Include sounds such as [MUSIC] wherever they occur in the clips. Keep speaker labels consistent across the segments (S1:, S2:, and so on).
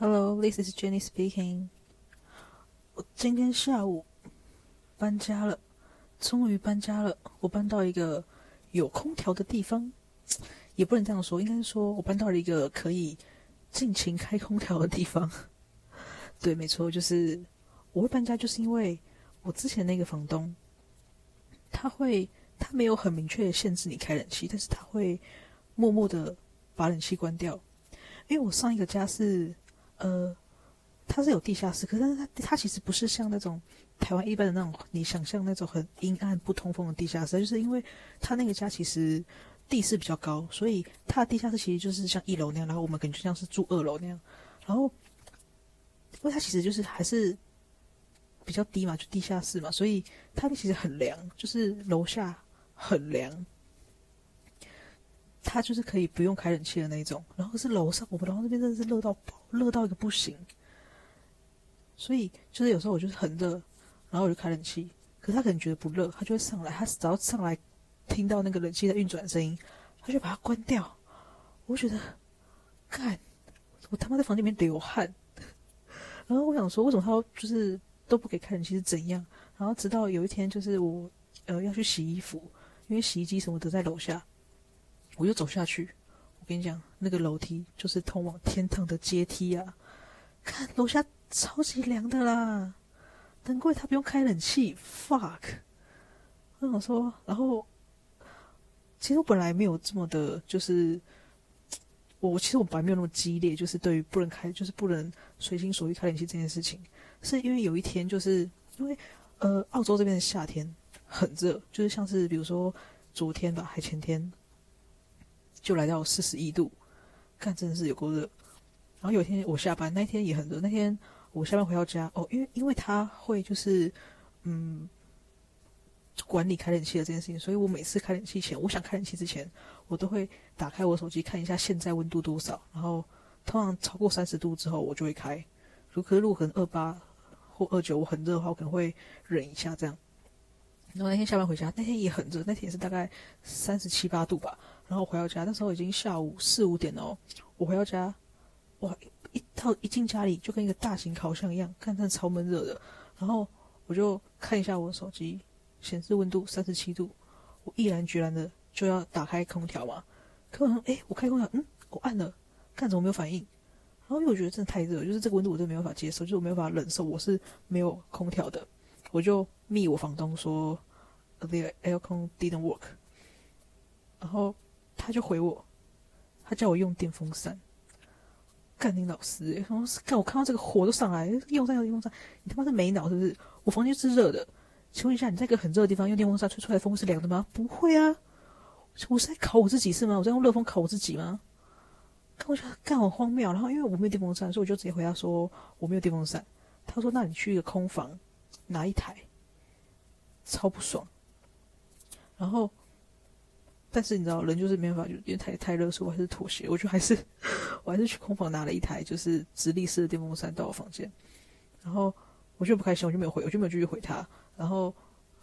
S1: Hello，this is Jenny speaking。我今天下午搬家了，終於搬家了。我搬到一個有空調的地方，也不能這樣說，應該是說我搬到了一個可以盡情開空調的地方。對，沒錯，就是我會搬家，就是因為我之前那個房東他會他沒有很明確的限制你開冷氣，但是他會默默的把冷氣關掉。因為我上一個家是。呃，它是有地下室，可是它它其實不是像那種台灣一般的那種你想象那種很陰暗不通風的地下室，就是因為它那個家其實地勢比較高，所以它的地下室其實就是像一樓那樣，然後我們感覺像是住二樓那樣。然後，因為它其實就是還是比較低嘛，就地下室嘛，所以它其實很涼，就是樓下很涼，它就是可以不用開冷氣的那一種。然後是樓上，我們樓上這邊真的是熱到爆。熱到一個不行，所以就是有時候我就是很熱，然後我就開冷氣。可是他可能覺得不熱，他就會上來。他只要上來聽到那個冷氣在運轉的聲音，他就把它關掉。我覺得，幹，我他媽在房間裡面流汗。然後我想說，為什麼他就是都不給開冷氣是怎樣？然後直到有一天，就是我呃要去洗衣服，因為洗衣機什麼都在樓下，我就走下去。我跟你講，那個樓梯就是通往天堂的階梯啊！看樓下超級涼的啦，難怪他不用開冷氣。fuck，嗯，我想說，然後其實我本來沒有這麼的，就是我其實我本來沒有那麼激烈，就是對於不能開，就是不能隨心所欲開冷氣這件事情，是因為有一天，就是因為呃，澳洲這邊的夏天很熱，就是像是比如說昨天吧，還前天。就來到四十一度，看真的是有夠熱。然後有一天我下班，那天也很熱。那天我下班回到家，哦，因為因為他會就是嗯管理開冷氣的這件事情，所以我每次開冷氣前，我想開冷氣之前，我都會打開我手機看一下現在溫度多少。然後通常超過三十度之後，我就會開。可是如果可能二八或二九，我很熱的話，我可能會忍一下這樣。然後那天下班回家，那天也很熱，那天也是大概三十七八度吧。然後回到家，那時候已經下午四五點了哦，我回到家，哇，一到一進家裡就跟一個大型烤箱一樣，真的超悶熱的。然後我就看一下我手機，顯示溫度三十七度，我毅然決然的就要打開空調嘛。可完，哎，我開空調，嗯，我按了，看怎麼沒有反應。然後因為我覺得真的太熱，就是這個溫度我真的沒有法接受，就是我沒有法忍受，我是沒有空調的。我就密我房東說，the aircon didn't work，然後。他就回我，他叫我用電風扇。幹你老師、欸，幹看我看到這個火都上來，用電用電風扇，你他媽是沒腦是不是？我房間是熱的，請問一下，你在一個很熱的地方用電風扇吹出來的風是涼的嗎？不會啊，我是在烤我自己是嗎？我在用熱風烤我自己嗎？我就幹，很荒謬。然後因為我沒有電風扇，所以我就直接回他說我沒有電風扇。他說，那你去一個空房拿一台，超不爽。然後。但是你知道，人就是沒辦法，就因為太太熱，所以我還是妥協。我就還是，我還是去空房拿了一台就是直立式的電風扇到我房間。然後我就不開心，我就沒有回，我就沒有繼續回他。然後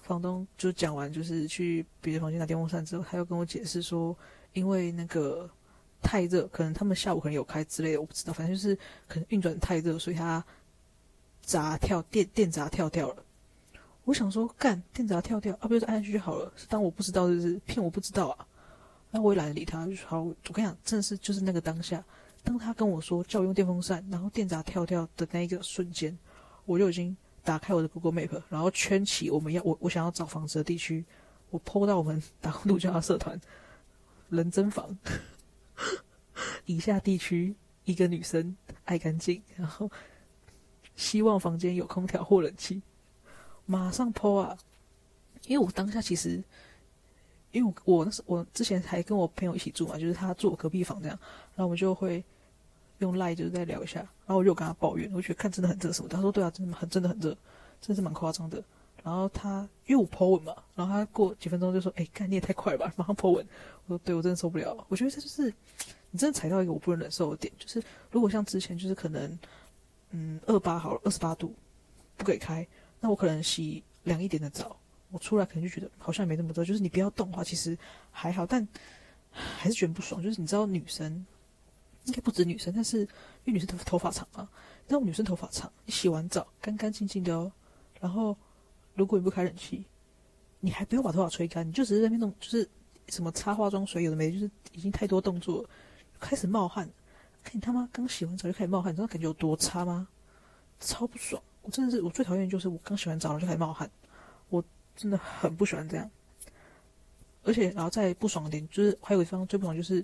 S1: 房東就講完，就是去別的房間拿電風扇之後，他又跟我解釋說，因為那個太熱，可能他們下午可能有開之類的，我不知道。反正就是可能運轉太熱，所以他閘跳電電閘跳掉了。我想說，幹電閘跳跳，啊，不就是按下去就好了？是當我不知道是不是，就是騙我不知道啊。那我也懶得理他，就好。我跟你講，正是就是那個當下，當他跟我說叫我用電風扇，然後電閘跳跳的那一個瞬間，我就已經打開我的 Google Map，然後圈起我們要我我想要找房子的地區。我 po 到我們打工度假社團 [LAUGHS] 人真房 [LAUGHS] 以下地區，一個女生愛乾淨，然後希望房間有空調或冷氣。馬上 po 啊！因為我當下其實，因為我我我之前還跟我朋友一起住嘛，就是他住我隔壁房這樣，然後我們就會用 Line 就是在聊一下，然後我就跟他抱怨，我覺得看真的很熱什麼。他說對啊，真的很真的很熱，真的是蠻誇張的。然後他因為我 po 文嘛，然後他過幾分鐘就說：“哎、欸，幹你也太快了吧，馬上 po 文。”我說：“對，我真的受不了，我覺得這就是你真的踩到一個我不能忍受的點，就是如果像之前就是可能嗯二八好了二十八度不給開。”那我可能洗涼一點的澡，我出來可能就覺得好像沒那麼熱。就是你不要動的話，其實還好，但還是覺得不爽。就是你知道，女生應該不止女生，但是因為女生的頭髮長嘛，你知道，女生頭髮長，你洗完澡乾乾淨淨的，哦。然後如果你不開冷氣，你還不用把頭髮吹乾，你就只是在那種，就是什麼擦化妝水，有的沒，就是已經太多動作了，開始冒汗。看、哎、你他媽剛洗完澡就開始冒汗，你知道感覺有多差嗎？超不爽。我真的是，我最討厭就是我剛洗完澡了就開始冒汗，我真的很不喜歡這樣。而且，然後再不爽一點，就是還有一方最不爽就是，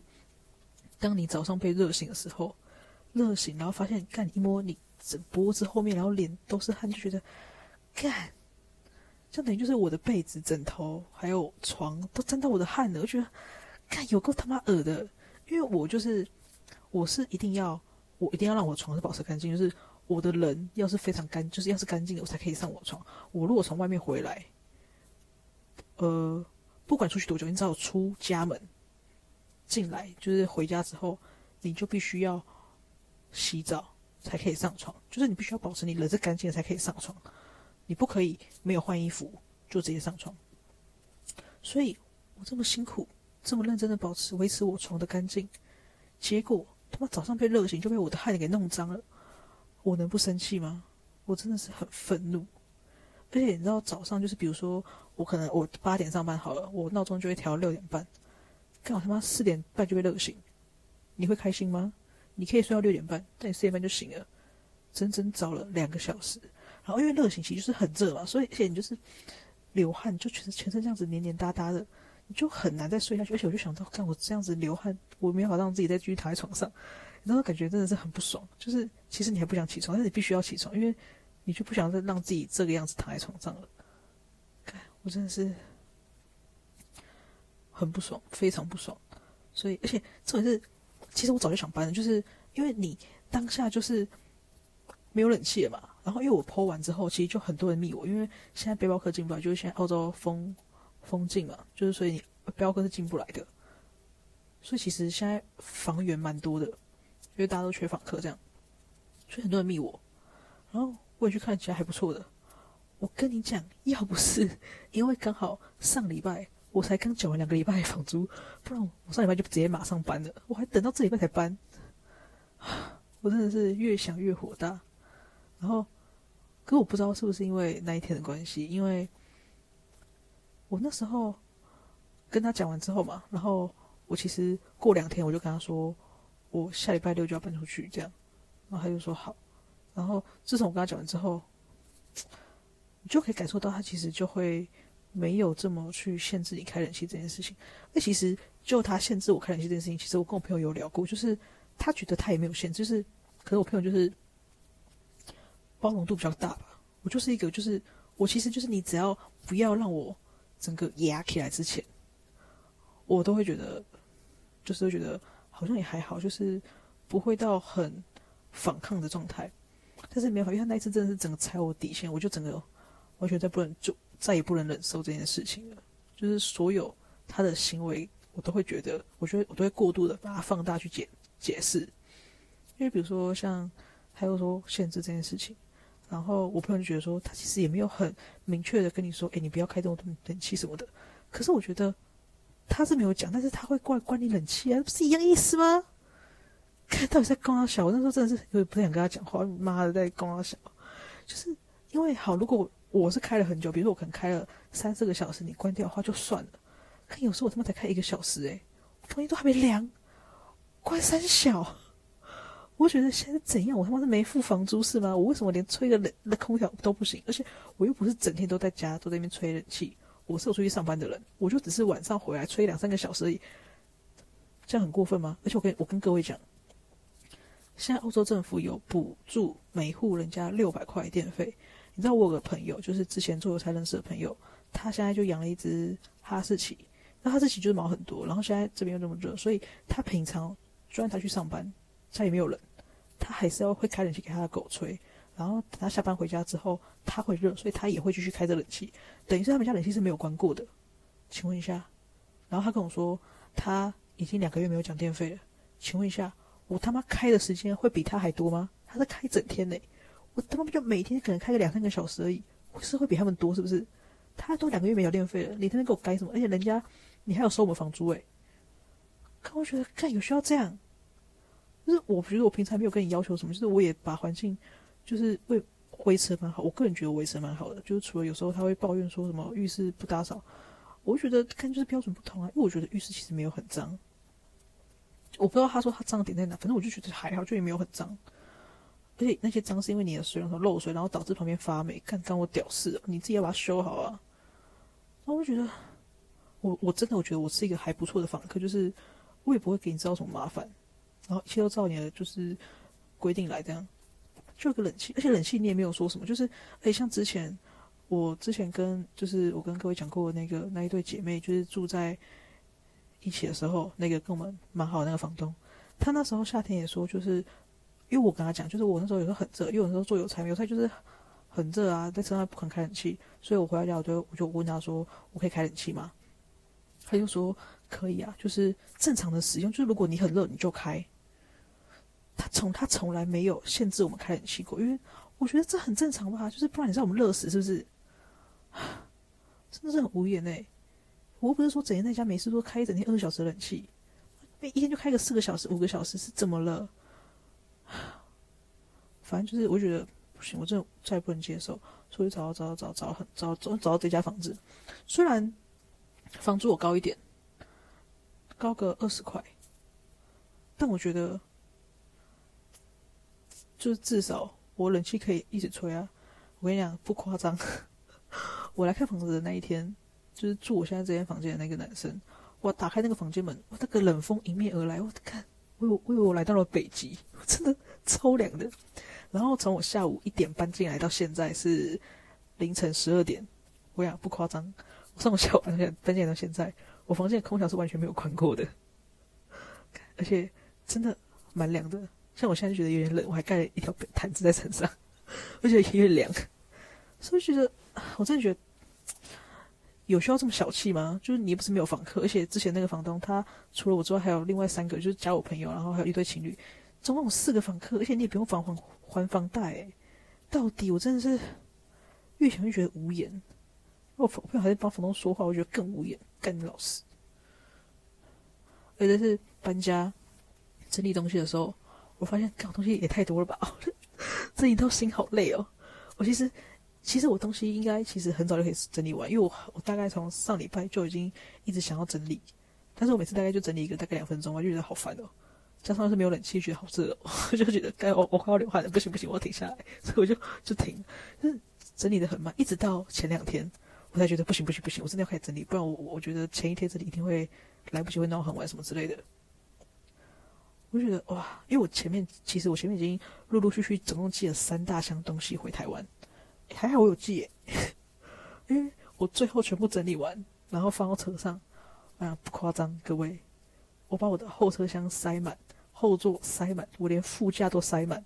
S1: 當你早上被熱醒的時候，熱醒然後發現，幹，你一摸你整脖子後面，然後臉都是汗，就覺得，幹。就等於就是我的被子、枕頭還有床都沾到我的汗了，我覺得幹，有夠他媽惡的。因為我就是我是一定要我一定要讓我的床是保持乾淨，就是。我的人要是非常乾，就是要是乾淨的，我才可以上我床。我如果從外面回來，呃，不管出去多久，你只要出家門進來，就是回家之後，你就必須要洗澡才可以上床。就是你必須要保持你人是乾淨的才可以上床，你不可以沒有換衣服就直接上床。所以我這麼辛苦、這麼認真的保持維持我床的乾淨，結果他媽早上被熱醒就被我的汗給弄髒了。我能不生氣嗎？我真的是很憤怒，而且你知道早上就是，比如說我可能我八點上班好了，我鬧鐘就會調到六點半，剛好他媽四點半就被熱醒。你會開心嗎？你可以睡到六點半，但你四點半就醒了，整整早了兩個小時。然後因為熱醒，其實就是很熱嘛，所以而且你就是流汗，就全全身這樣子黏黏噠噠的，你就很難再睡下去。而且我就想到，看我這樣子流汗，我沒有法讓自己再繼續躺在床上。那種感覺真的是很不爽，就是其實你還不想起床，但是你必須要起床，因為你就不想再讓自己這個樣子躺在床上了。我真的是很不爽，非常不爽。所以，而且重點是其實我早就想搬了，就是因為你當下就是沒有冷氣了嘛。然後，因為我 po 完之後，其實就很多人密我，因為現在背包客進不來，就是現在澳洲封封禁嘛，就是所以你背包客是進不來的。所以其實現在房源蠻多的。因為大家都缺訪客，這樣，所以很多人密我，然後我也去看起來還不錯的。我跟你講，要不是因為剛好上禮拜我才剛繳完兩個禮拜房租，不然我上禮拜就直接馬上搬了。我還等到這禮拜才搬，啊，我真的是越想越火大。然後，可我不知道是不是因為那一天的關係，因為我那時候跟他講完之後嘛，然後我其實過兩天我就跟他說。我下禮拜六就要搬出去，這樣，然後他就說好。然後自從我跟他講完之後，你就可以感受到他其實就會沒有這麼去限制你開冷氣這件事情。那其實就他限制我開冷氣這件事情，其實我跟我朋友有聊過，就是他覺得他也沒有限制，就是可是我朋友就是包容度比較大吧。我就是一個，就是我其實就是你只要不要讓我整個壓起來之前，我都會覺得，就是會覺得。好像也還好，就是不會到很反抗的狀態，但是沒法，因為他那一次真的是整個踩我底線，我就整個我覺得不能再也不能忍受這件事情了。就是所有他的行為，我都會覺得，我覺得我都會過度的把它放大去解解釋。因為比如說像還有說限制這件事情，然後我朋友就覺得說他其實也沒有很明確的跟你說，哎，你不要開這種冷氣什麼的。可是我覺得。他是沒有講，但是他會過來關你冷氣啊，這不是一樣意思嗎？看到底在關他小，我那時候真的是有點不想跟他講話，媽的在關他小，就是因為好，如果我是開了很久，比如說我可能開了三四個小時，你關掉的話就算了。可有時候我他媽才開一個小時、欸，哎，房間都還沒涼，關三小，我覺得現在怎樣？我他媽是沒付房租是嗎？我為什麼連吹個冷的空調都不行？而且我又不是整天都在家，都在那邊吹冷氣。我是有出去上班的人，我就只是晚上回來吹兩三個小時而已，這樣很過分嗎？而且我跟我跟各位講，現在澳洲政府有補助每戶人家六百塊電費。你知道我有個朋友，就是之前做有才認識的朋友，他現在就養了一隻哈士奇，那哈士奇就是毛很多，然後現在這邊又這麼熱，所以他平常雖然他去上班，家也沒有人，他還是要會開冷氣給他的狗吹。然後等他下班回家之後，他會熱，所以他也會繼續開着冷氣。等於是他們家冷氣是沒有關過的。請問一下，然後他跟我說他已經兩個月沒有繳電費了。請問一下，我他媽開的時間會比他還多嗎？他在開一整天呢、欸，我他媽就每天可能開個兩三個小時而已，會是會比他們多是不是？他都兩個月沒有繳電費了，你天天給我改什麼？而且人家你還要收我們房租哎、欸，可我覺得幹有需要這樣，就是我覺得我平常沒有跟你要求什麼，就是我也把環境。就是維持的蠻好，我個人覺得維持的蠻好的。就是除了有時候他會抱怨說什麼浴室不打掃，我覺得看就是標準不同啊。因為我覺得浴室其實沒有很髒，我不知道他說他髒點在哪，反正我就覺得還好，就也沒有很髒。而且那些髒是因為你的水龍頭漏水，然後導致旁邊發霉。幹，幹我屌事，你自己要把它修好啊。然後我就覺得，我我真的我覺得我是一個還不錯的房客，就是我也不會給你制造什麼麻煩，然後一切都照你的就是規定來這樣。就有個冷氣，而且冷氣你也沒有說什麼，就是，哎、欸，像之前我之前跟就是我跟各位講過的那個那一對姐妹，就是住在一起的時候，那個跟我們蠻好的那個房東，他那時候夏天也說，就是因為我跟他講，就是我那時候有時候很熱，因為有時候做有才沒有才就是很熱啊，在車上不肯開冷氣，所以我回到家我就我就問他說，我可以開冷氣嗎？他就說可以啊，就是正常的使用，就是如果你很熱你就開。他從他從來沒有限制我們開冷氣過，因為我覺得這很正常吧。就是不然，你讓我們熱死，是不是？真的是很無言誒、欸。我又不是說整天在家沒事都開一整天二十小時的冷氣，一天就開個四個小時、五個小時，是怎麼了？反正就是我覺得不行，我真的再也不能接受，所以找到找到找到找很找找到找到這家房子。雖然房租我高一點，高個二十塊，但我覺得。就是至少我冷氣可以一直吹啊！我跟你講不誇張， [LAUGHS] 我來看房子的那一天，就是住我現在這間房間的那個男生，我打開那個房間門，我那個冷風迎面而來，我看，我以為我，我以為我來到了北極，真的超涼的。然後從我下午一點搬進來到現在是凌晨十二點，我跟你講不誇張，上我，我下午搬進搬進來到現在，我房間的空調是完全沒有關過的，而且真的蠻涼的。像我現在就覺得有點冷，我還蓋了一條毯子在身上，而且有點涼，所以覺得我真的覺得有需要這麼小氣嗎？就是你也不是沒有房客，而且之前那個房東他除了我之外還有另外三個，就是加我朋友，然後還有一對情侶，總共有四個房客，而且你也不用還還還房貸、欸，到底我真的是越想越覺得無言。我不想還是幫房東說話，我覺得更無言，幹你老師。而且是搬家整理東西的時候。我發現搞東西也太多了吧，這一套心好累哦。我其實，其實我東西應該其實很早就可以整理完，因為我我大概從上禮拜就已經一直想要整理，但是我每次大概就整理一個大概兩分鐘吧，就覺得好煩哦。加上是沒有冷氣，覺得好熱哦，我 [LAUGHS] 就覺得該我我快要流汗了，不行不行，我要停下來，所以我就就停。就是整理的很慢，一直到前兩天我才覺得不行不行不行，我真的要開始整理，不然我我覺得前一天整理一定會來不及會鬧很晚什麼之類的。我覺得哇，因為我前面其實我前面已經陸陸續續總共寄了三大箱東西回台灣，欸，還好我有寄。 [LAUGHS] 因為我最後全部整理完，然後放到車上，呀、啊，不誇張各位，我把我的後車廂塞滿，後座塞滿，我連副駕都塞滿。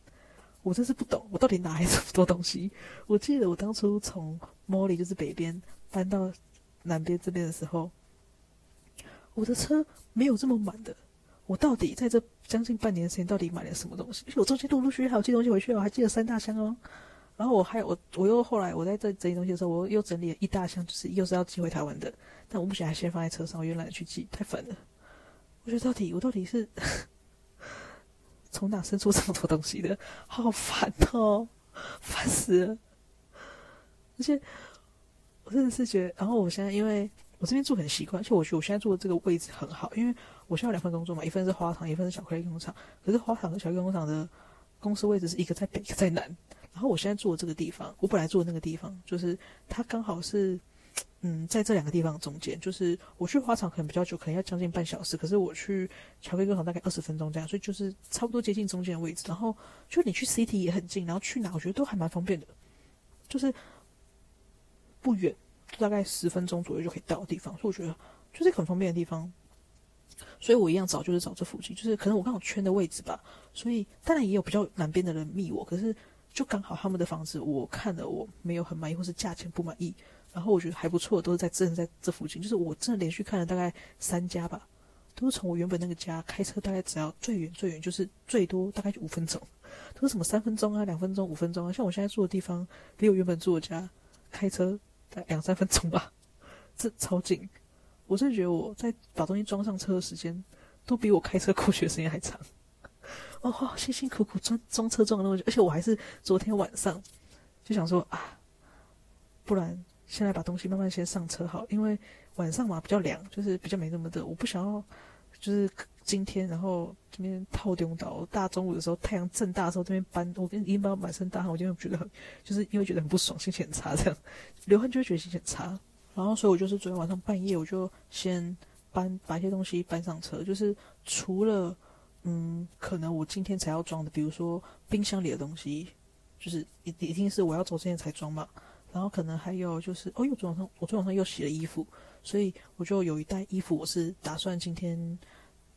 S1: 我真是不懂，我到底哪來這麼多東西？我記得我當初從 Molly 就是北邊搬到南邊這邊的時候，我的車沒有這麼滿的。我到底在這？將近半年時間，到底買了什麼東西？我中間陸陸續續還有寄東西回去，我還寄了三大箱哦。然後我還有我我又後來我在這整理東西的時候，我又整理了一大箱，就是又是要寄回台灣的。但我不想要先放在車上，我又懶得去寄太煩了。我覺得到底我到底是從哪生出這麼多東西的？好煩哦，煩死了！而且我真的是覺得，然後我現在因為我這邊住很習慣，而且我覺得我現在住的這個位置很好，因為。我現在有兩份工作嘛，一份是花廠，一份是巧克力工廠。可是花廠和巧克力工廠的公司位置是一個在北，一個在南。然後我現在住的這個地方，我本來住的那個地方，就是它剛好是，嗯，在這兩個地方中間。就是我去花廠可能比較久，可能要將近半小時，可是我去巧克力工廠大概二十分鐘這樣，所以就是差不多接近中間的位置。然後就你去 city 也很近，然後去哪我覺得都還蠻方便的，就是不遠，大概十分鐘左右就可以到的地方。所以我覺得就是一個很方便的地方。所以我一樣找就是找這附近，就是可能我剛好圈的位置吧，所以當然也有比較南邊的人密我，可是就剛好他們的房子我看了，我沒有很滿意，或是價錢不滿意，然後我覺得還不錯，都是在真在這附近，就是我真的連續看了大概三家吧，都是從我原本那個家開車大概只要最遠最遠就是最多大概五分鐘，都是什麼三分鐘啊兩分鐘五分鐘啊，像我現在住的地方離我原本住的家開車大概兩三分鐘吧，這超近。我真的覺得我在把東西裝上車的時間，都比我開車過去的時間還長哦。哦，辛辛苦苦裝裝車裝了那麼久，而且我還是昨天晚上就想說啊，不然現在把東西慢慢先上車好，因為晚上嘛比較涼，就是比較沒那麼熱。我不想要就是今天然後這邊套丁到，大中午的時候太陽正大的時候這邊搬，我跟已經滿身大汗，我就會覺得很就是因為覺得很不爽，心情很差這樣，流汗就會覺得心情很差。然後，所以我就是昨天晚上半夜，我就先搬把一些東西搬上車。就是除了，嗯，可能我今天才要裝的，比如說冰箱裡的東西，就是一一定是我要走之前才裝嘛。然後可能還有就是，哦，又，昨天晚上我昨天晚上又洗了衣服，所以我就有一袋衣服，我是打算今天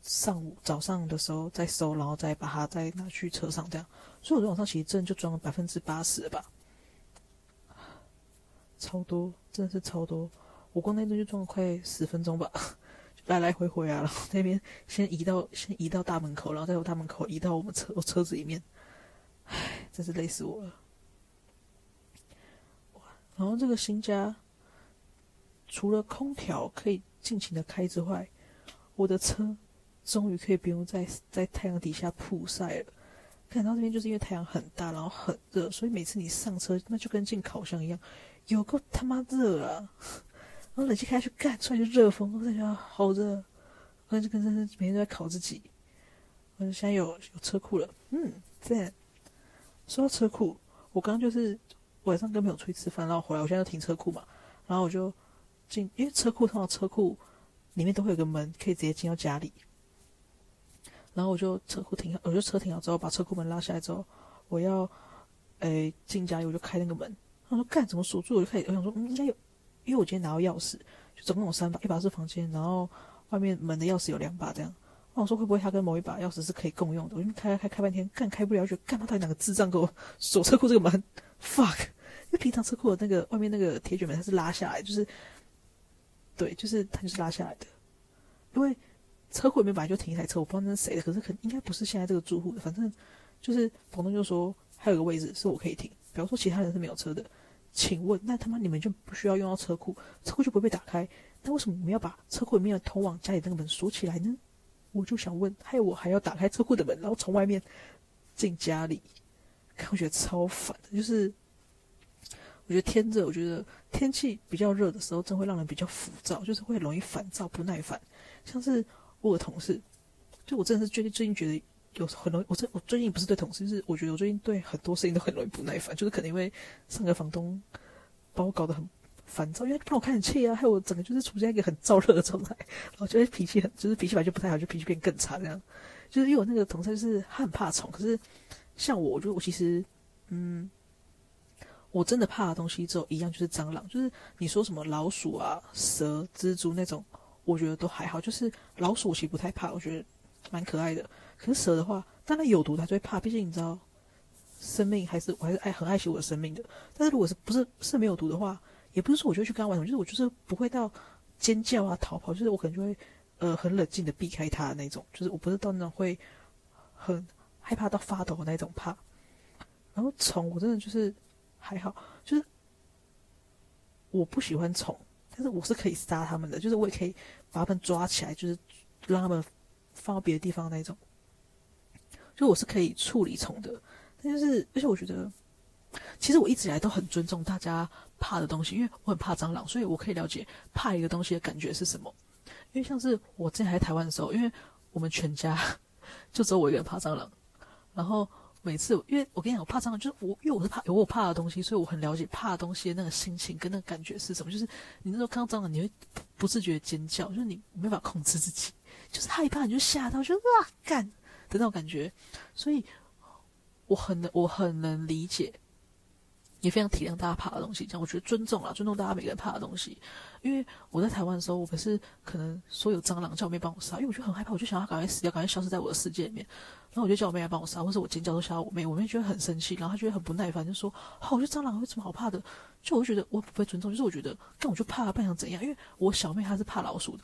S1: 上午早上的時候再收，然後再把它再拿去車上這樣。所以我昨天晚上其實真的就裝了百分之八十了吧。超多，真的是超多！我光那邊就撞了快十分鐘吧， [LAUGHS] 來來回回啊。然後那邊先移到，先移到大門口，然後再由大門口移到我們車，我車子裡面。哎，真是累死我了。然後這個新家，除了空調可以盡情的開之外，我的車終於可以不用再在太陽底下曝曬了。看到這邊就是因為太陽很大，然後很熱，所以每次你上車那就跟進烤箱一樣。有夠他媽熱啊，然後冷氣開去干，突然就熱風，我感覺好熱，後就跟這每天都在烤自己。我就現在有有車庫了，嗯，這樣。說到車庫，我剛剛就是晚上跟朋友出去吃飯，然後回來，我現在就停車庫嘛，然後我就進，因為車庫通常車庫裡面都會有個門，可以直接進到家裡。然後我就車庫停，我就車停好之後，把車庫門拉下來之後，我要誒進、欸、家裡，我就開那個門。我說幹怎麼鎖住？我就開始我想說，嗯，應該有，因為我今天拿到鑰匙，就總共有三把，一把是房間，然後外面門的鑰匙有兩把這樣。我想說會不會他跟某一把鑰匙是可以共用的？我就開開開開半天，幹開不了，就幹他到底哪個智障給我鎖車庫這個門？Fuck！因為平常車庫的那個外面那個鐵卷門它是拉下來，就是對，就是它就是拉下來的。因為車庫裡面本來就停一台車，我不知道那是誰的，可是可應該不是現在這個住戶的，反正就是房東就說還有個位置是我可以停，比方說其他人是沒有車的。請問，那他媽你們就不需要用到車庫，車庫就不會被打開？那為什麼你們要把車庫裡面的通往家裡那個門鎖起來呢？我就想問，還有我還要打開車庫的門，然後從外面進家裡，看，我覺得超煩的。就是，我覺得天熱，我覺得天氣比較熱的時候，真會讓人比較浮躁，就是會容易煩躁、不耐煩。像是我同事，就我真的是最近最近覺得。有很容易，我最我最近不是對同事，就是我覺得我最近對很多事情都很容易不耐煩，就是可能因為上個房東把我搞得很煩躁，因為他讓我看很氣啊，害我整個就是處在一個很燥熱的狀態，然後覺得脾氣很，就是脾氣本來就不太好，就脾氣變得更差這樣。就是因為我那個同事就是他很怕蟲，可是像我，我覺得我其實，嗯，我真的怕的東西只有一樣就是蟑螂，就是你說什麼老鼠啊、蛇、蜘蛛那種，我覺得都還好。就是老鼠我其實不太怕，我覺得蠻可愛的。可是蛇的話，當然有毒，它就會怕。畢竟你知道，生命還是我還是愛很愛惜我的生命的。但是如果是不是是沒有毒的話，也不是說我就會去跟它玩。就是我就是不會到尖叫啊、逃跑，就是我可能就會呃很冷靜的避開它的那種。就是我不是到那種會很害怕到發抖的那種怕。然後蟲我真的就是還好，就是我不喜歡蟲，但是我是可以殺他們的，就是我也可以把它們抓起來，就是讓他們放到別的地方的那種。就我是可以處理蟲的，但，就是而且我覺得，其實我一直以來都很尊重大家怕的東西，因為我很怕蟑螂，所以我可以了解怕一個東西的感覺是什麼。因為像是我之前還在台灣的時候，因為我們全家就只有我一個人怕蟑螂，然後每次因為我跟你講我怕蟑螂，就是我因為我是怕有我怕的東西，所以我很了解怕的東西的那個心情跟那個感覺是什麼。就是你那時候看到蟑螂，你會不自覺尖叫，就是你沒辦法控制自己，就是害怕你就嚇到，就哇，乾。那種感覺，所以我很能，我很能理解，也非常體諒大家怕的東西。這樣我覺得尊重啊，尊重大家每個人怕的東西。因為我在台灣的時候，我可是可能說有蟑螂，叫我妹幫我殺，因為我就很害怕，我就想要趕快死掉，趕快消失在我的世界裡面。然後我就叫我妹來幫我殺，或者我尖叫都嚇到我妹，我妹覺得很生氣，然後她覺得很不耐煩，就說：“好、哦，我覺得蟑螂有什麼好怕的？”就我就覺得我不被尊重，就是我覺得干我就怕，不然想怎樣？因為我小妹她是怕老鼠的，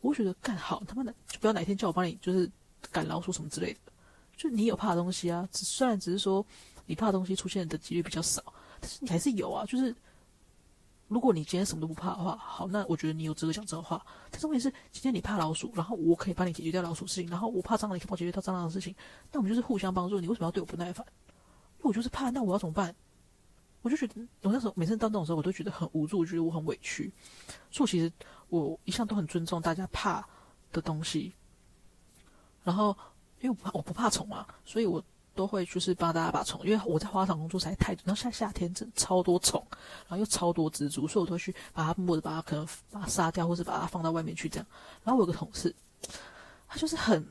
S1: 我會覺得幹好他媽的，就不要哪天叫我幫你，就是。趕老鼠什麼之類的，就你有怕的東西啊。只雖然只是說你怕的東西出現的幾率比較少，但是你還是有啊。就是如果你今天什麼都不怕的話，好，那我覺得你有資格講這個話。但是問題是，今天你怕老鼠，然後我可以幫你解決掉老鼠事情，然後我怕蟑螂，你可以幫我解決掉蟑螂的事情，那我們就是互相幫助。你為什麼要對我不耐煩？因為我就是怕，那我要怎麼辦？我就覺得我那時候每次到這種時候，我都覺得很無助，我覺得我很委屈。所以我其實我一向都很尊重大家怕的東西。然後，因為我不怕我不怕蟲嘛，所以我都會就是幫大家把蟲，因為我在花場工作才太久，然後夏夏天真超多蟲，然後又超多蜘蛛，所以我都會去把它摸着，把它可能把它殺掉，或者把它放到外面去這樣。然後我有個同事，他就是很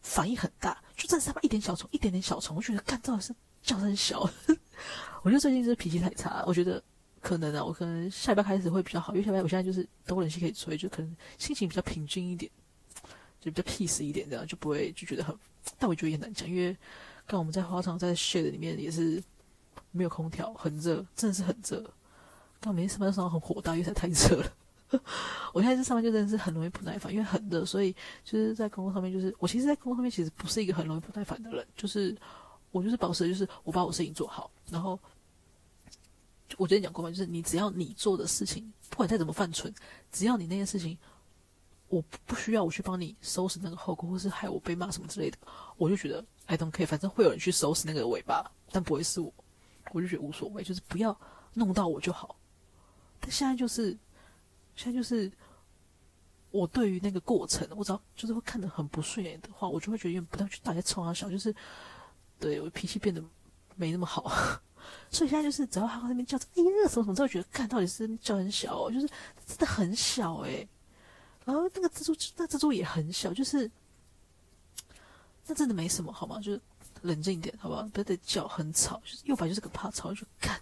S1: 反應很大，就站上面一點小蟲一點點小蟲，我覺得乾燥是叫聲小的。 [LAUGHS] 我覺得最近就是脾氣太差，我覺得可能啊，我可能下禮拜開始會比較好，因為下禮拜我現在就是都冷氣可以吹，就可能心情比較平靜一點。就比較 peace 一點，這樣就不會就覺得很，但我覺得也難講，因為剛我們在花場在 shade 裡面也是沒有空調，很熱，真的是很熱。剛我們上班的時候很火大，因為才太熱了。 [LAUGHS] 我現在這上班就真的是很容易不耐煩，因為很熱，所以就是在工作上面就是，我其實，在工作上面其實不是一個很容易不耐煩的人，就是我就是保持的就是我把我事情做好，然後我之前講過嘛，就是你只要你做的事情，不管再怎麼犯蠢，只要你那件事情。我不需要我去幫你收拾那個後果，或是害我被罵什麼之類的，我就覺得 I don't care，反正會有人去收拾那個尾巴，但不會是我，我就覺得無所謂，就是不要弄到我就好。但現在就是，現在就是，我對於那個過程，我只要就是會看得很不順眼的話，我就會覺得因為不要去大家衝啊笑，就是對我脾氣變得沒那麼好。 [LAUGHS] 所以現在就是，只要他在那邊叫，一、欸、熱麼什麼，就會覺得看到底是叫很小、哦，就是真的很小誒、欸。然後那個蜘蛛，那蜘蛛也很小，就是，那真的沒什麼，好嗎？就是冷靜一點，好不好？不要在叫很吵，就是又反正就是個怕吵，就看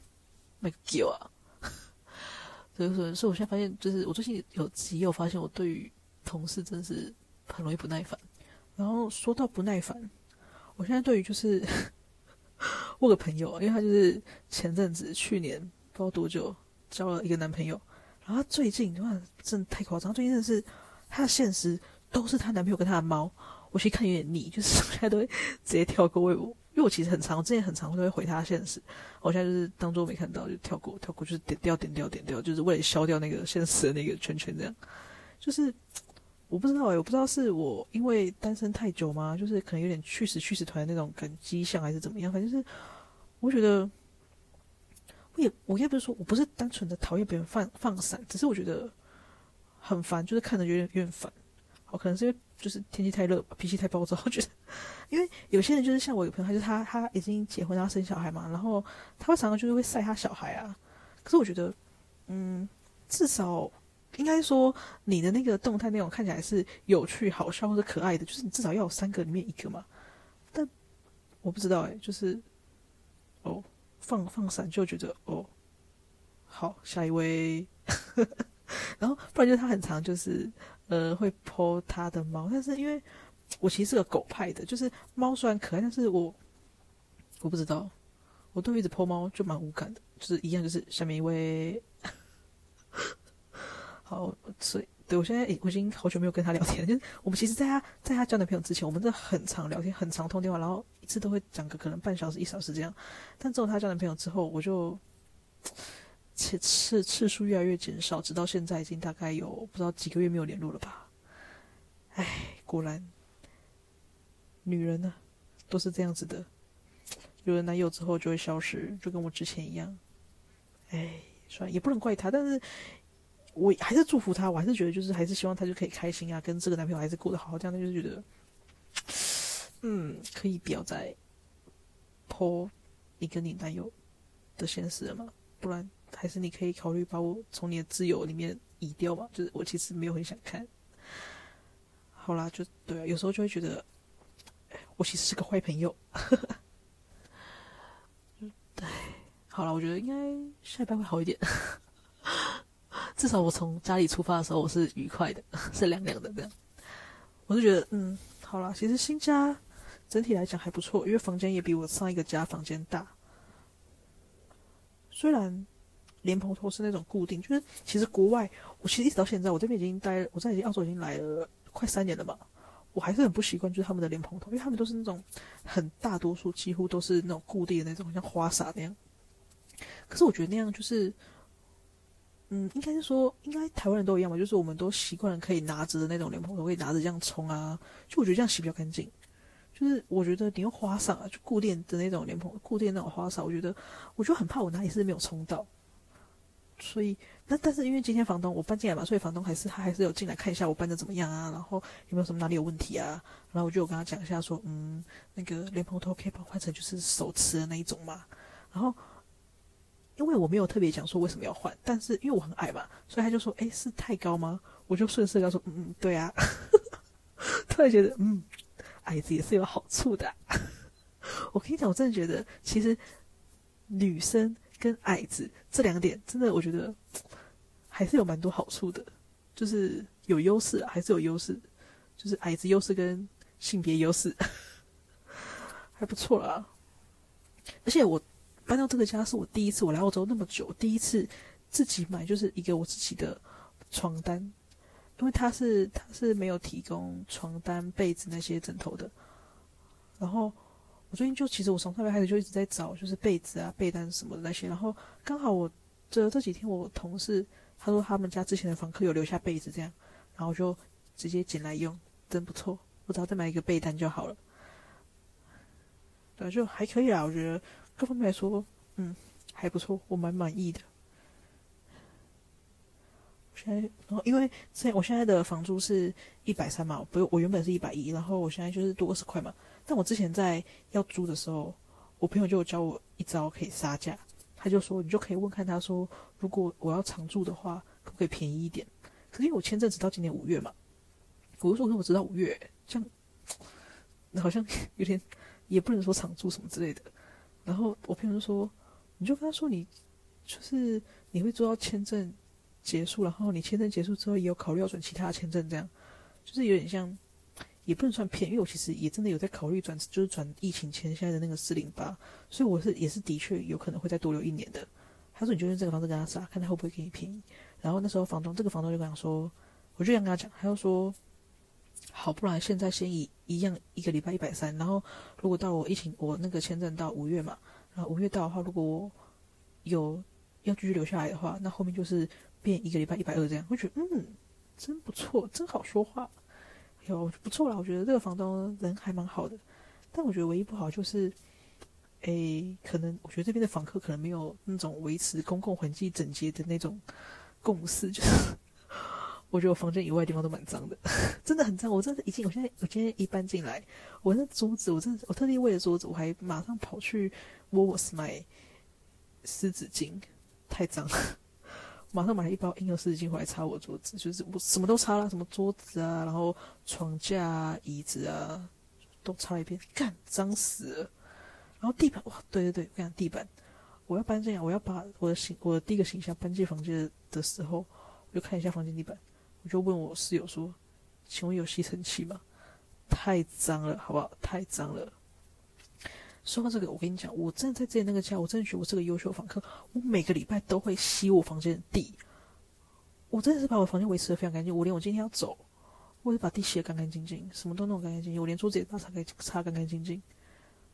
S1: 沒個 g 啊。 [LAUGHS] 所以說，所以我現在發現，就是我最近有自己有發現，我對於同事真的是很容易不耐煩。然後說到不耐煩，我現在對於就是 [LAUGHS] 我有個朋友啊，因為他就是前陣子去年不知道多久交了一個男朋友。然他、啊、最近哇，真的太誇張！最近的是，她的現實都是她男朋友跟她的貓。我去看有點膩，就是現在都會直接跳過為我，因為我其實很長，我之前很長我都會回她現實、啊。我現在就是當做沒看到，就跳過，跳過，就是點掉，點掉，點掉，就是為了消掉那個現實的那個圈圈，這樣。就是我不知道哎、欸，我不知道是我因為單身太久嗎？就是可能有點去死去死團那種感覺像還是怎麼樣？反正就是我覺得。也我也不是說，我不是單純的討厭別人放放閃，只是我覺得很煩，就是看着有點有點煩。好，可能是因為就是天氣太熱，脾氣太暴躁。我覺得，因為有些人就是像我有朋友，他就他他已經結婚，他生小孩嘛，然後他會常常就是會曬他小孩啊。可是我覺得，嗯，至少應該說你的那個動態內容看起來是有趣、好笑或者可愛的，就是你至少要有三個裡面一個嘛。但我不知道哎、欸，就是哦。放放閃就覺得哦，好，下一位， [LAUGHS] 然後不然就是他很常，就是呃會 po 他的貓，但是因為我其實是個狗派的，就是貓雖然可愛，但是我我不知道，我對一直 po 貓就蠻無感的，就是一樣就是下面一位， [LAUGHS] 好，我最。所以對，我現在，誒，我已經好久沒有跟他聊天。就是我們其實，在他，在他交男朋友之前，我們真的很常聊天，很常通電話，然後一次都會講個可能半小時、一小時這樣。但自從他交男朋友之後，我就次次次數越來越減少，直到現在已經大概有不知道幾個月沒有聯絡了吧。唉，果然，女人呢、啊、都是這樣子的，有了男友之後就會消失，就跟我之前一樣。唉，算也不能怪他，但是。我還是祝福他，我還是覺得就是還是希望他就可以開心啊，跟這個男朋友還是過得好好這樣。就覺得，嗯，可以不要再 po 你跟你男友的現實了嘛，不然還是你可以考慮把我從你的自由裡面移掉嘛。就是我其實沒有很想看。好啦，就對啊，有時候就會覺得我其實是個壞朋友。 [LAUGHS] 對，好了，我覺得應該下一班會好一點。 [LAUGHS] 至少我從家裡出發的時候，我是愉快的，是涼涼的這樣，我就覺得，嗯，好了，其實新家整體來講還不錯，因為房間也比我上一個家房間大。雖然蓮蓬頭是那種固定，就是其實國外，我其實一直到現在，我這邊已經待，我在澳洲已經來了快三年了嘛，我還是很不習慣，就是他們的蓮蓬頭，因為他們都是那種很大多數幾乎都是那種固定的那種，像花灑那樣。可是我覺得那樣就是。嗯，應該是說，應該台灣人都一樣吧，就是我們都習慣了可以拿着的那種蓮蓬頭，可以拿着這樣沖啊。就我覺得這樣洗比較乾淨。就是我覺得你用花灑啊，就固定的那種蓮蓬，固定的那種花灑，我覺得，我就很怕我哪裡是沒有沖到。所以，那但是因為今天房東我搬進來嘛，所以房東還是他還是有進來看一下我搬的怎麼樣啊，然後有沒有什麼哪裡有問題啊。然後我就有跟他講一下說，嗯，那個蓮蓬頭可以把換成就是手持的那一種嘛。然後。因為我沒有特別講說為什麼要換，但是因為我很矮嘛，所以他就說：“哎，是太高嗎？”我就順勢就說：“嗯，對啊。 [LAUGHS] ”突然覺得，嗯，矮子也是有好處的啊。 [LAUGHS] 我跟你講，我真的覺得，其實女生跟矮子這兩點，真的我覺得還是有蠻多好處的，就是有優勢啊，還是有優勢，就是矮子優勢跟性別優勢 [LAUGHS] 還不錯啦。而且我。搬到這個家是我第一次，我來澳洲那麼久，第一次自己買就是一個我自己的床單，因為他是他是沒有提供床單、被子那些枕頭的。然後我最近就其實我從那邊開始就一直在找，就是被子啊、被單什麼的那些。然後剛好我這這幾天我同事他說他們家之前的房客有留下被子這樣，然後就直接撿來用，真不錯。我只要再買一個被單就好了，對，就還可以啊，我覺得。各方面來說，嗯，還不錯，我蠻滿意的。現在，然後因為在我現在的房租是一百三嘛，不，我原本是一百一，然後我現在就是多二十塊嘛。但我之前在要租的時候，我朋友就教我一招可以殺價，他就說你就可以問看他說，如果我要長住的話，可不可以便宜一點？可是因為我簽證只到今年五月嘛，我就說可我知道五月，這樣好像有點也不能說長住什麼之類的。然後我朋友就說，你就跟他說你就是你會做到簽證結束，然後你簽證結束之後也有考慮要轉其他簽證，這樣就是有點像，也不能算騙，因為我其實也真的有在考慮轉，就是轉疫情前現在的那個四零八，所以我是也是的確有可能會再多留一年的。他說你就用這個方式跟他殺，看他會不會給你便宜。然後那時候房東這個房東就跟他說，我就想跟他講，他又說。好，不然現在先以一樣一個禮拜一百三，然後如果到我疫情我那個簽證到五月嘛，然後五月到的話，如果我有要繼續留下來的話，那後面就是變一個禮拜一百二這樣，我覺得嗯真不錯，真好說話，有、哎、不錯啦，我覺得這個房東人還蠻好的，但我覺得唯一不好就是，誒，可能我覺得這邊的房客可能沒有那種維持公共環境整潔的那種共識，就是。 [LAUGHS] 我覺得我房間以外的地方都蠻髒的呵呵，真的很髒。我真的，已經我現在我今天一搬進來，我那桌子，我真的，我特地為了桌子，我還馬上跑去沃沃斯買濕紙巾，太髒了，馬上買了一包嬰兒濕紙巾回來擦我桌子，就是我什麼都擦了，什麼桌子啊，然後床架啊、椅子啊都擦了一遍，幹髒死了。然後地板哇，對對對，我跟你講地板，我要搬這樣，我要把我的行我的第一個行李箱搬進房間的時候，我就看一下房間地板。我就問我室友說：“請問有吸塵器嗎？太髒了，好不好？太髒了。”說到這個，我跟你講，我真的在自己那個家，我真的覺得我是個優秀房客。我每個禮拜都會吸我房間的地，我真的是把我房間維持的非常乾淨。我連我今天要走，我也把地吸的乾乾淨淨，什麼都弄乾乾淨淨。我連桌子也大擦乾淨，擦乾乾淨淨。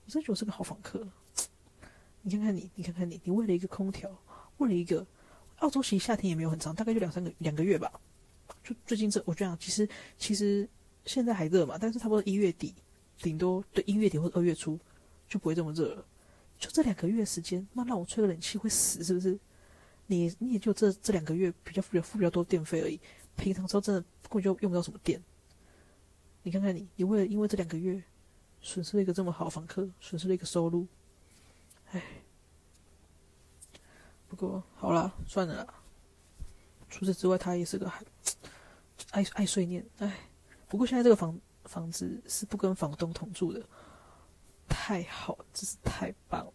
S1: 我真的覺得我是個好房客。你看看你，你看看你，你為了一個空調，為了一個澳洲其實夏天也沒有很長，大概就兩三個兩個月吧。就最近這，我這樣、啊、其實其實現在還熱嘛，但是差不多一月底，頂多對一月底或者二月初就不會這麼熱了。就這兩個月的時間，那讓我吹個冷氣會死是不是？你你也就這這兩個月比較付付比較多電費而已，平常時候真的根本就用不到什麼電。你看看你，你為了因為這兩個月損失了一個這麼好的房客，損失了一個收入，哎，不過好了，算了啦。除此之外，他也是個還。愛愛碎念哎，不過現在這個房房子是不跟房東同住的，太好，真是太棒了。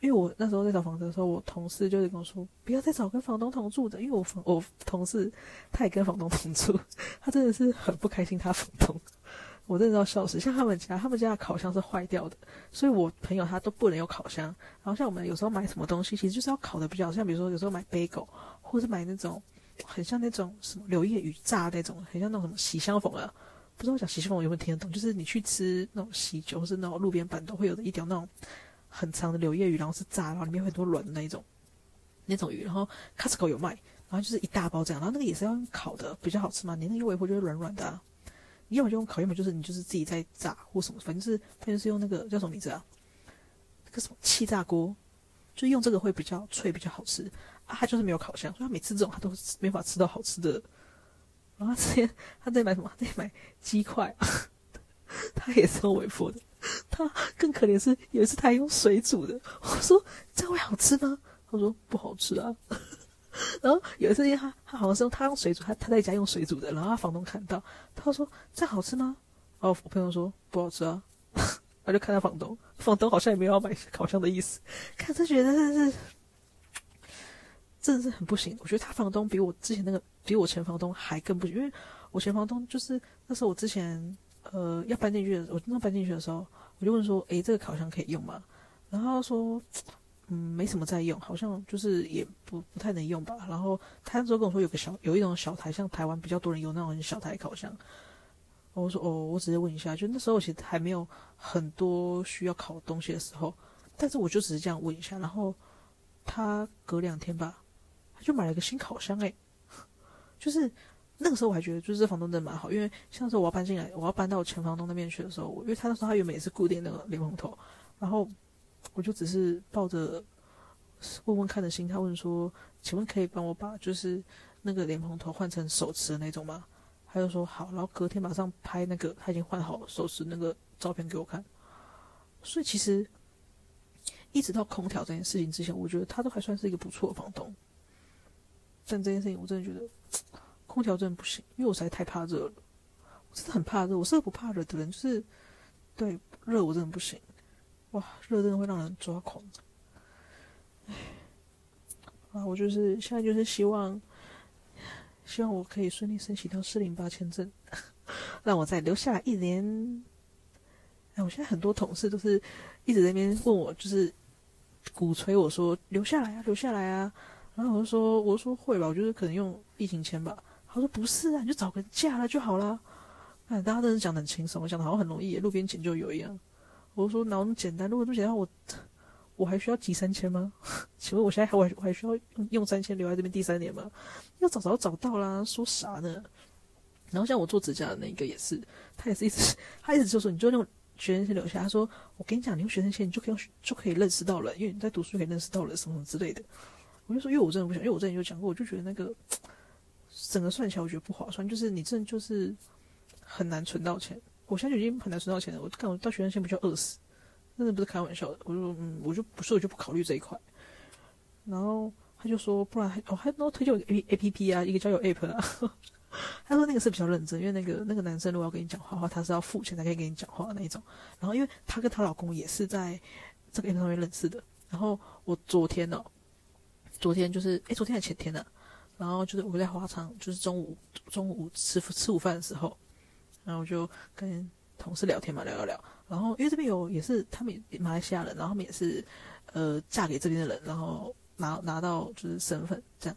S1: 因為我那時候在找房子的時候，我同事就是跟我說，不要再找跟房東同住的，因為我房我同事他也跟房東同住，他真的是很不開心。他房東，我真的要笑死。像他們家，他們家的烤箱是壞掉的，所以我朋友他都不能有烤箱。然後像我們有時候買什麼東西，其實就是要烤的比較好，像比如說有時候買 bagel，或是買那種。很像那種什麼柳葉魚炸那種，很像那種什麼喜相逢啊。不知道我講喜相逢有沒有聽得懂？就是你去吃那種喜酒或是那種路邊板都會有的一條那種很長的柳葉魚，然後是炸，然後裡面會很多卵的那一種那種魚。然後 Costco 有賣，然後就是一大包這樣。然後那個也是要用烤的，比較好吃嘛。你那個一微波就會軟軟的、啊，你要麼就用烤，要麼就是你就是自己在炸或什麼，反正是他就是用那個叫什麼名字啊？那個什麼氣炸鍋，就用這個會比較脆，比較好吃。啊、他就是沒有烤箱，所以他每次這種他都沒法吃到好吃的。然後他之前他在買什麼？他在買雞塊、啊， [LAUGHS] 他也是用微波的。他更可憐是，有一次他還用水煮的。我說這樣會好吃嗎？他說不好吃啊。 [LAUGHS] 然後有一次他他好像是用他用水煮，他他在家用水煮的。然後他房東看到，他說這樣好吃嗎？然後我朋友說不好吃啊。 [LAUGHS] 他就看他房東，房東好像也沒有要買烤箱的意思，看他覺得是。真的是很不行。我覺得他房東比我之前那個比我前房東還更不行，因為我前房東就是那時候我之前呃要搬進去的，我剛搬進去的時候，我就問說：“誒，這個烤箱可以用嗎？”然後他說：“嗯，沒什麼在用，好像就是也不不太能用吧。”然後他那時候跟我說有個小有一種小檯，像台灣比較多人有那種小檯烤箱。我說：“哦，我直接問一下。”就那時候我其實還沒有很多需要烤的東西的時候，但是我就只是這樣問一下。然後他隔兩天吧。他就買了一個新烤箱，欸，哎， [LAUGHS] 就是那個時候我還覺得，就是這房東真的蠻好，因為像那時候我要搬進來，我要搬到前房東那邊去的時候我，因為他那時候他原本也是固定那個蓮蓬頭，然後我就只是抱着問問看的心態問說：“請問可以幫我把就是那個蓮蓬頭換成手持的那種嗎？”他就說：“好。”然後隔天馬上拍那個他已經換好手持的那個照片給我看，所以其實一直到空調這件事情之前，我覺得他都還算是一個不錯的房東。但這件事情我真的覺得空調真的不行，因為我實在太怕熱了。我真的很怕熱，我是個不怕熱的人，就是對熱我真的不行。哇，熱真的會讓人抓狂。哎，啊，我就是現在就是希望，希望我可以順利申請到四零八簽證，讓我再留下來一年。哎、啊，我現在很多同事都是一直在那邊問我，就是鼓吹我說留下來啊，留下來啊。然後我就說：“我就說會吧，我覺得可能用疫情簽吧。”他說：“不是啊，你就找個嫁了就好啦。”哎，大家真的是講得很輕鬆，我講的好像很容易，路邊撿就有一樣。我就說：“哪有那麼簡單？如果這麼簡單，我我還需要集三簽嗎？請問我現在還我還需要用用三簽留在這邊第三年嗎？要找，找找到啦，說啥呢？”然後像我做指甲的那一個也是，他也是一直他一直就說：“你就用學生簽留下。”他說：“我跟你講，你用學生簽，你就可以就可以認識到了，因為你在讀書可以認識到了什麼什麼之類的。”我就說，因為我真的不想，因為我之前就講過，我就覺得那個整個算起來我覺得不划算，就是你真的就是很難存到錢。我現在就已經很難存到錢了，我感覺到學生先比較餓死，那是不是開玩笑的，我就，嗯，我就不是，所以我就不考慮這一塊。然後他就說，不然還、哦、還我還還要推薦我 A A P P 啊，一個交友 A P P 啊。 [LAUGHS] 他說那個是比較認真，因為那個那個男生如果要跟你講話的話，他是要付錢才可以跟你講話的那一種。然後因為他跟她老公也是在這個 App 上面認識的，然後我昨天呢、哦。昨天就是，誒，昨天還是前天呢啊？然後就是我在華昌，就是中午中午吃吃午飯的時候，然後我就跟同事聊天嘛，聊聊聊。然後因為這邊有也是他們也馬來西亞人，然後他們也是呃嫁給這邊的人，然後拿拿到就是身份這樣。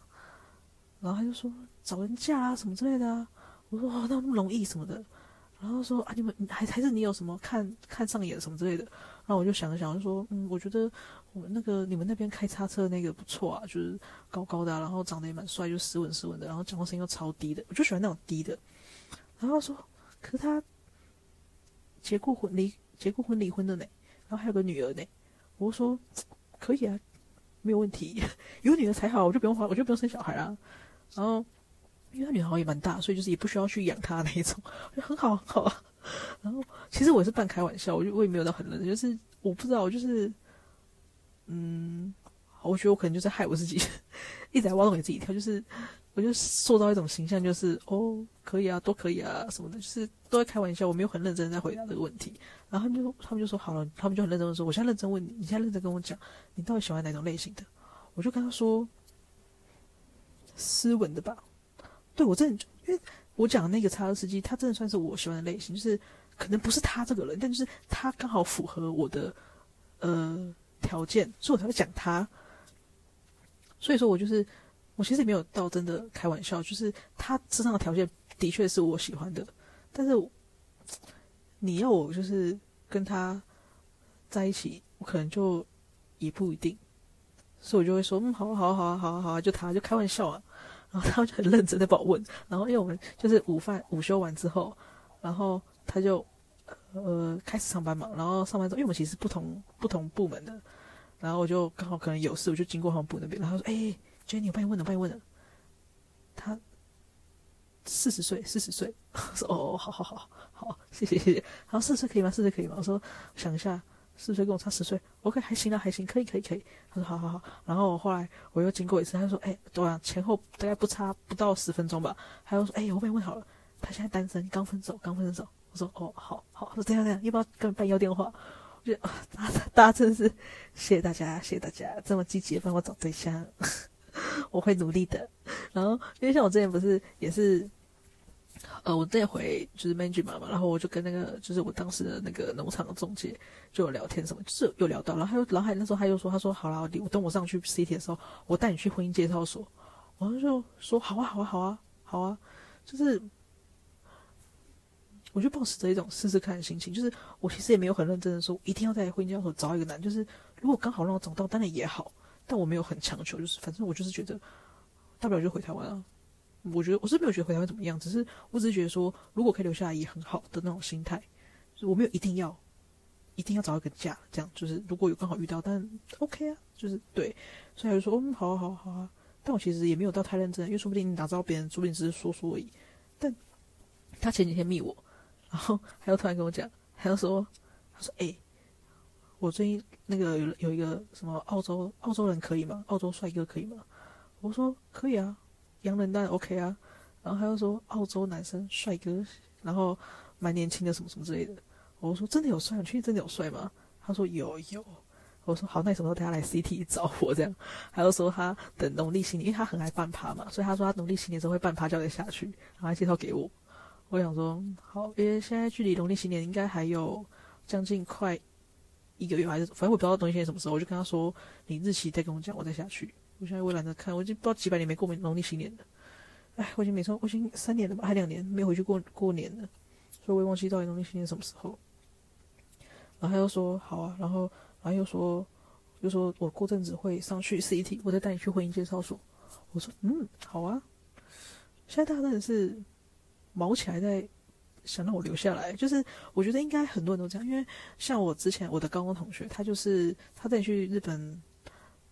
S1: 然後他就說找人嫁啊什麼之類的啊，我說，哦，那不容易什麼的。然後說啊你們還還是你有什麼看看上眼什麼之類的。然後我就想了想，就說，嗯，我覺得。我那個你們那邊開叉車那個不錯啊，就是高高的啊，然後長得也蠻帥，就斯文斯文的，然後講話聲音又超低的，我就喜歡那種低的。然後說，可是他結過婚離結過婚離婚的呢，然後還有個女兒呢。我說可以啊，沒有問題，有女兒才好，我就不用花我就不用生小孩啊。然後因為他女兒好像也蠻大，所以就是也不需要去養她那一種，我覺得很好很好。很好啊。然後其實我也是半開玩笑，我就我也沒有到很冷，就是我不知道，我就是。嗯好，我覺得我可能就是在害我自己，一直在挖洞給自己跳。就是，我就塑造一種形象，就是哦，可以啊，都可以啊，什麼的，就是都在開玩笑。我沒有很認真在回答這個問題，然後他們就說，他們就說好了，他們就很認真的說，我現在認真問你，你現在認真跟我講，你到底喜歡哪種類型的？我就跟他說，斯文的吧。對我真的，因為我講那個叉車司機，他真的算是我喜歡的類型，就是可能不是他這個人，但就是他剛好符合我的，呃。條件，所以我才會講他。所以說我就是，我其實也沒有到真的開玩笑，就是他身上的條件的確是我喜歡的，但是你要我就是跟他在一起，我可能就也不一定。所以我就會說，嗯，好好好啊，好啊好啊，就他就開玩笑啊。然後他就很認真的把我問，然後因為我們就是午飯午休完之後，然後他就。呃，開始上班嘛，然後上班之後，因為我們其實是不同不同部門的，然後我就剛好可能有事，我就經過他們部那邊，然後說：“哎、欸，娟你有幫你問了，幫你問了。他四十歲，四十歲，我說：“哦，好好好，好，謝謝謝謝。”然後四十歲可以嗎？四十歲可以嗎？我說想一下，四十歲跟我差十歲，OK，還行啊，還行，可以可以可以。他說：“好好好。”然後我後來我又經過一次，他就說：“哎、欸，對啊，前後大概不差不到十分鐘吧。”他又說：“哎、欸，我幫你問好了，他現在單身，剛分手，剛分手。”我說哦，好，好，我說這樣，這樣、啊，啊、要不要跟你辦要電話？我覺得啊，大家真的是謝謝大家，謝謝大家這麼積極幫我找對象呵呵，我會努力的。然後因為像我之前不是也是，呃，我這回就是 Manjimup 嘛嘛，然後我就跟那個就是我當時的那個農場的中介就有聊天，什麼就是又聊到，然後他又然後還那時候他又說，他說好啦，我等我上去 city 的時候，我帶你去婚姻介紹所。我就說好啊，好啊，好啊，好啊，就是。我就抱持着一種試試看的心情，就是我其實也沒有很認真的說我一定要在婚姻介紹所找一個男，就是如果剛好讓我找到，當然也好，但我沒有很強求，就是反正我就是覺得大不了就回台灣啊。我覺得我是沒有覺得回台灣怎麼樣，只是我只是覺得說如果可以留下來也很好的那種心態，就是、我沒有一定要一定要找一個嫁，這樣就是如果有剛好遇到，但 OK 啊，就是對，所以我就說嗯，好啊、好啊、好啊，但我其實也沒有到太認真，因為說不定你打招別人，說不定只是說說而已。但他前幾天密我。然後他又突然跟我講，他又說，他說：“哎、欸，我最近那個有有一個什麼澳洲澳洲人可以嗎？澳洲帥哥可以嗎？”我說：“可以啊，洋人當然 OK 啊。”然後他又說：“澳洲男生帥哥，然後蠻年輕的什麼什麼之類的。”我說：“真的有帥？你確定真的有帥嗎？”他說：“有有。”我說：“好，那什麼時候他來 CT 找我這樣？”他又說他等農曆新年，因為他很愛辦趴嘛，所以他說他農曆新年時候會辦趴交代下去，然後還介紹給我。我想說好，因為現在距離農曆新年應該還有將近快一個月，還是反正我不知道農曆新年什麼時候。我就跟他說：“你日期再跟我講，我再下去。”我現在我也懶得看，我已經不知道幾百年沒過農曆新年了。哎，我已經沒說，我已經三年了吧，還兩年沒回去過過年了，所以我也忘記到底農曆新年什麼時候。然後他又說：“好啊。”然後，然後又說：“又說我過陣子會上去 CT，我再帶你去婚姻介紹所。”我說：“嗯，好啊。”現在大家真的是。毛起來在想讓我留下來，就是我覺得應該很多人都這樣，因為像我之前我的高中同學，他就是他在去日本，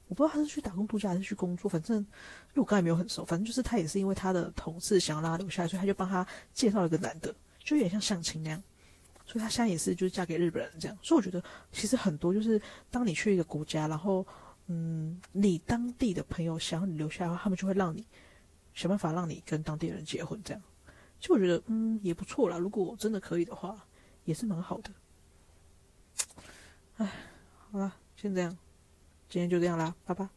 S1: 我不知道他是去打工度假還是去工作，反正因為我剛才沒有很熟，反正就是他也是因為他的同事想要讓他留下來，所以他就幫他介紹了一個男的，就有點像相親那樣，所以他現在也是就是嫁給日本人這樣，所以我覺得其實很多就是當你去一個國家，然後嗯你當地的朋友想要你留下來的話，他們就會讓你想辦法讓你跟當地人結婚這樣。就我覺得，嗯，也不錯啦。如果我真的可以的話，也是蠻好的。唉，好了，先這樣，今天就這樣啦，拜拜。